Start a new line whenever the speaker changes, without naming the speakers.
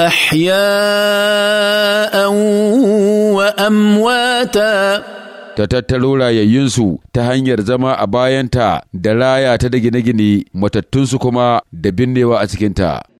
أحياء وأمواتا ta tattaro rayayyunsu ta hanyar zama a bayanta da raya ta da gine-gine matattunsu kuma da binnewa a cikinta.